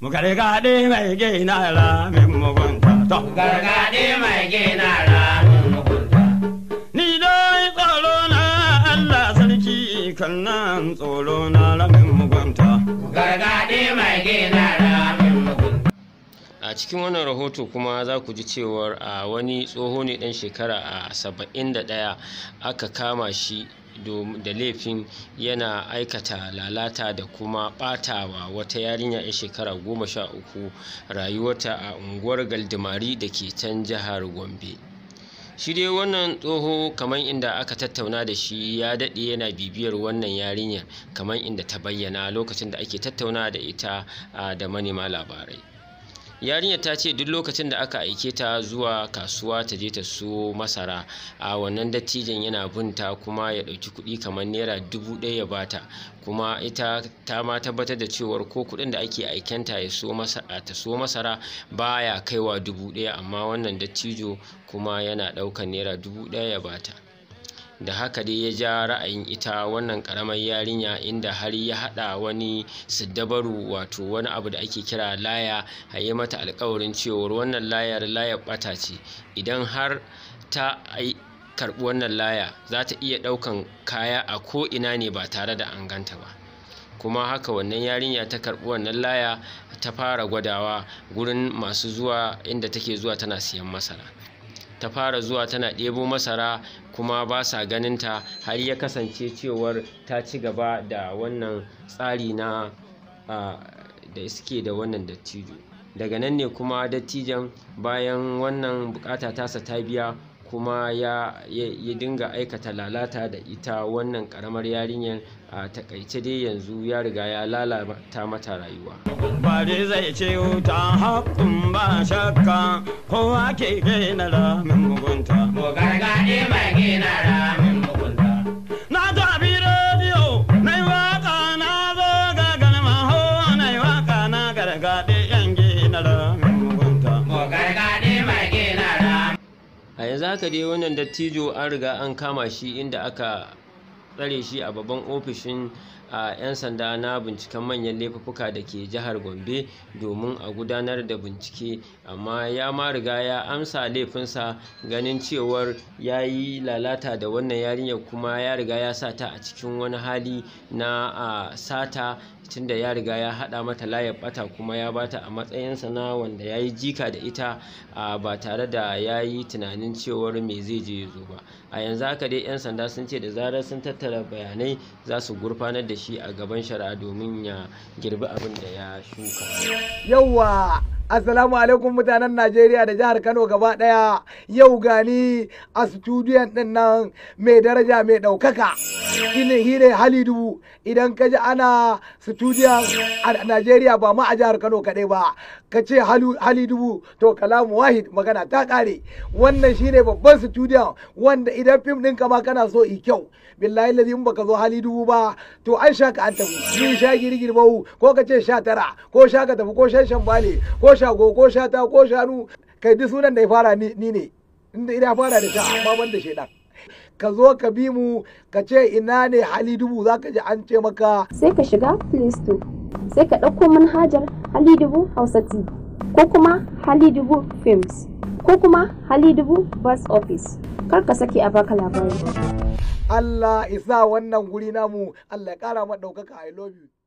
Gargaɗi mai gina ramin mugunta. To, gargaɗi mai gina ramin mugunta. Ni dai tsoro na Allah sarki kan nan tsoro na ramin mugunta. Gargaɗi mai gina ramin cikin wannan rahoto kuma za ku ji cewar a wani tsoho ne ɗan shekara a saba'in da ɗaya aka kama shi da laifin yana aikata lalata da kuma ɓatawa wata yarinya 'yan shekara goma sha uku rayuwarta a unguwar galdimari da ke can jihar gombe shi dai wannan tsoho kamar inda aka tattauna da shi ya daɗe yana bibiyar wannan yarinyar kamar inda ta bayyana lokacin da ake tattauna da ita da manema labarai yarinyar ta ce duk lokacin da aka aike ta zuwa kasuwa ta je ta siyo masara a wannan dattijan yana binta kuma ya ɗauki kuɗi kamar naira dubu ɗaya ya bata kuma ita ta ma tabbatar da cewar ko kuɗin da ake aikenta ya ta so masara baya kaiwa dubu ɗaya amma wannan dattijo kuma yana ɗaukan naira dubu ɗaya ya bata da haka dai ya ja ra'ayin ita wannan karamar yarinya inda har ya haɗa wani siddabaru wato wani abu da ake kira laya a yi mata alkawarin cewar wannan layar layar ɓata ce idan har ta karɓi wannan laya za ta iya ɗaukan kaya a ko'ina ne ba tare da an ganta ba kuma haka wannan yarinya ta karɓi wannan laya ta fara gwadawa gurin masu zuwa inda take zuwa tana siyan masara ta fara zuwa tana ɗebo masara kuma ba sa ganinta har ya kasance cewar ta ci gaba da wannan tsari na da suke da wannan dattijo daga nan ne kuma dattijan bayan wannan bukata tasa ta biya kuma ya, ya, dinga aikata lalata da ita wannan karamar yarinyar a takaice dai yanzu ya riga ya lalata mata rayuwa bari zai ce ta haƙun ba shakka kowa ke gina ramin mugunta mai gina yanzu ka dai wannan dattijo an riga an kama shi inda aka tsare shi a babban ofishin a 'yan sanda na binciken manyan laifuka da ke jihar gombe domin a gudanar da bincike amma ya ma riga ya amsa laifinsa ganin cewar ya yi lalata da wannan yarinyar kuma ya riga ya sa ta a cikin wani hali na a sata tunda ya riga ya haɗa mata layar bata kuma ya bata a matsayinsa na wanda ya yi jika da ita ba tare da ya yi tunanin cewar me zai je ya ba a yanzu haka dai 'yan sanda sun ce da zarar sun tattara bayanai za su gurfanar da shi a gaban shari'a domin ya girbi abin da ya shuka yawwa Assalamu alaikum mutanen Najeriya da jihar Kano gaba ɗaya yau gani a studiyon ɗin nan mai daraja mai ɗaukaka. Shine hire Halidu idan ka ji ana studiyon a Najeriya ba ma a jihar Kano kaɗai ba. ka ce hali dubu to kalamu wahid magana ta kare wannan shine babban studio wanda idan fim ɗinka ma kana so i kyau billahi lazi in baka zo hali dubu ba to an sha ka an tafi ni sha girgir bahu ko ka ce sha tara ko sha ka tafi ko shan shambale ko sha go ko sha ta ko shanu kai duk sunan da ya fara ni ne inda ya fara da sha amma banda shaidan ka zo ka bi mu ka ce ina ne hali dubu za ka ji an ce maka sai ka shiga play store sai ka ɗauko manhajar halidubu hausa tv ko kuma halidubu films ko kuma halidubu bus office kar ka sake a baka labari Allah isa wannan guri namu Allah ya kara ma ɗaukaka I love you